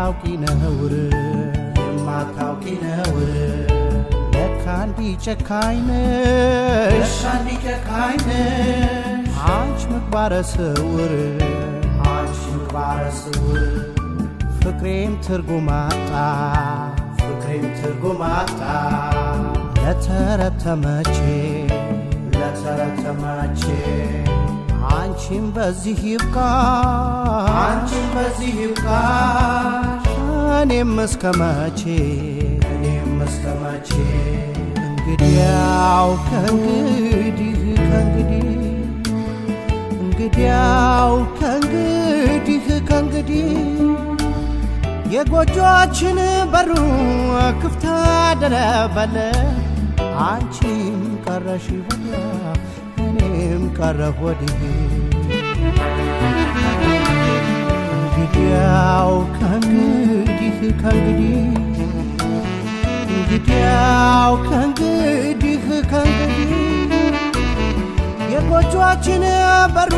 የማታውቂ ነውር የማታውቂ ነውር ለካ እንዲ ጨካኝ ነሽ እንዲ ጨካኝ ነሽ አንቺ ምግባረ ስውር አንቺ ምግባረ ስውር ፍቅሬም ትርጉም አጣ ፍቅሬም ትርጉም አጣ ለተረት ተመቼ ለተረት ተመቼ አንቺም በዚህ ይብቃ እኔም እስከመቼ እኔም እስከመቼ እንግዲያው ከእንግዲህ ከእንግዲህ እንግዲያው ከእንግዲህ ከእንግዲህ የጎጆችን በሩ ክፍት አደረበለ አንቺም ቀረሽ ወዲያ እኔም ቀረሁ ወዲህ ከእንግዲህ እንግዲያው ከእንግዲህ ከእንግዲህ የጎጆችን በሩ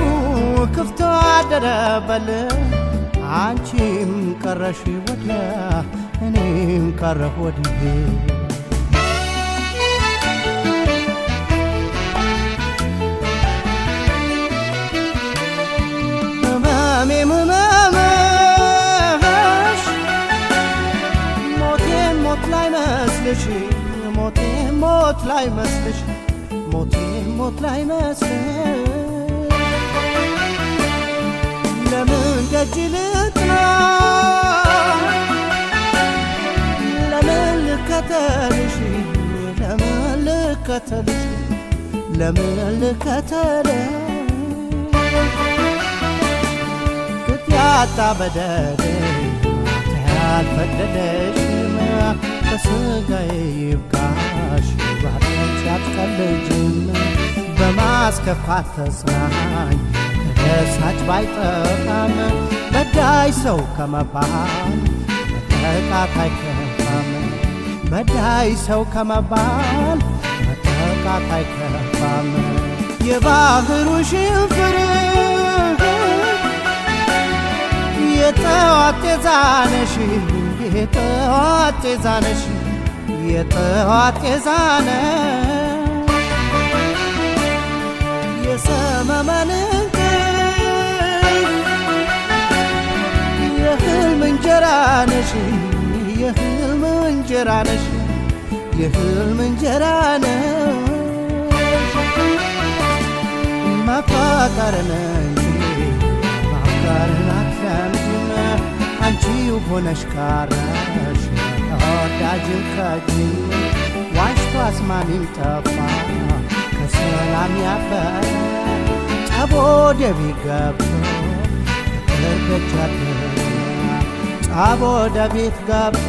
ክፍቶ አደረበል አንቺም ቀረሽ ወዲያ እኔም ቀረሁ ወዲህ መስልሽ ሞቴ ሞት ላይ መስልሽ ሞቴ ሞት ላይ መስልሽ ለምን ደጅ ልጥና ለምን ልከተልሽ ለምን ልከተልሽ ለምን ልከተልሽ ግት ያጣ በደለኝ ከስጋዬ ይብቃሽ ባሮች ያትቀልጅና በማስከፋት ተጽናኝ ተደሳች ባይጠፋም በዳይ ሰው ከመባል መጠቃት አይከፋም በዳይ ሰው ከመባል መጠቃት አይከፋም የባህሩ ሽንፍር የጠዋት የጠዋት ጤዛ ነሽ የጠዋት ጤዛ ነሽ የህልም እንጀራ ነሽ የህልም እንጀራ ነሽ የህልም እንጀራ ነሽ ማፋቀር ነሽ ማፍቀርን አትያም አንቺው ሆነሽ ካራሽ ተወዳጅን ከጅን ዋሽቶ አስማሚም ጠፋ ከሰላም ያፈር ጠቦ ደቢ ገብቶ ቅርበጃደ ጠቦ ደቤት ገብቶ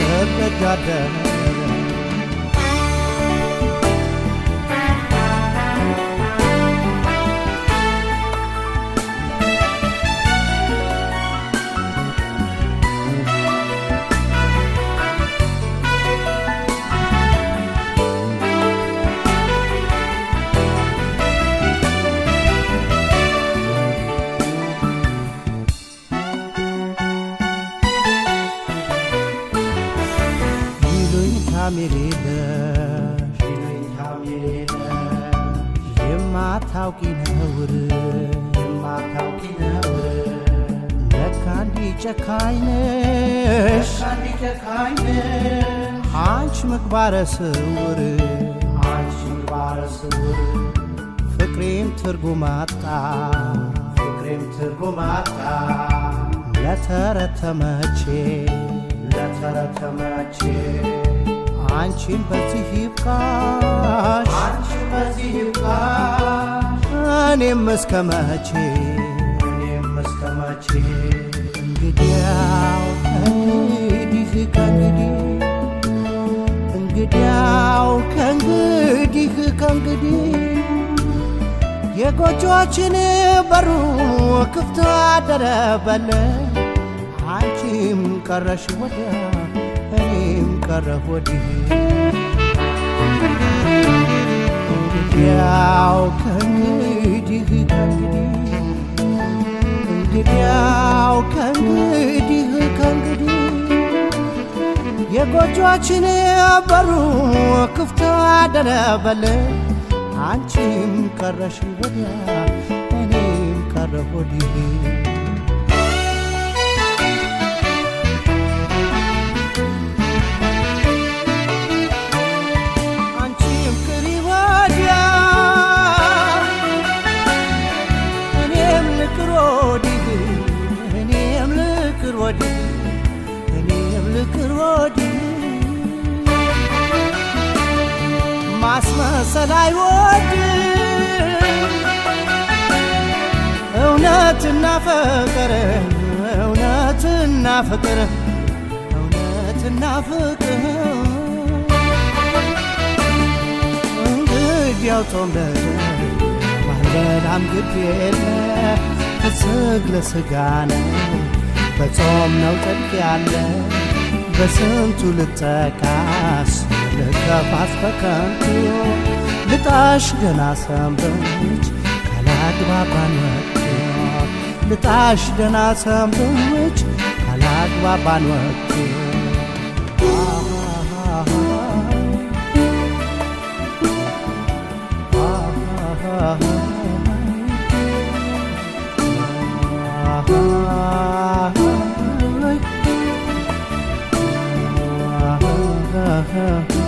ቅርበጃደ ታምሬነ የማታውቂ ነውር ለካ እንዲ ጨካኝነሽ አንች ምግባረ ስውር ፍቅሬም ትርጉም አጣ ለተረተመቼ ለተረተመቼ አንቺን በዚህ ይብቃሽ፣ እኔም እስከ መቼ እንግዲያው ከእንግዲህ ከእንግዲህ እንግዲያው ከእንግዲህ ከእንግዲህ የጎጆችን በሩ ክፍት አደረበለ አንቺም ቀረሽ ወደ gara wodii እንግዲያው ከእንግዲህ ከእንግዲህ እንግዲያው ከእንግዲህ ከእንግዲህ የጎጆችን በሩ ክፍት አደረበል አንቺም ቀረሽ ወዲያ እኔም ወዲህ አይወድ እውነትና ፍቅር እውነትና ፍቅር እውነትና ፍቅር እንግዲያው ጦምደር ማለዳም ግድ የለ ፍስግ ለስጋ ነው በጾም ነው ጥልቅ ያለ በስንቱ ልጠቃስ ልከፋስ በከንቱ ልጣሽ ገና ሰንበች ካላግባባን ወቅት ልጣሽ ገና ሰንበች ካላግባባን Uh-huh.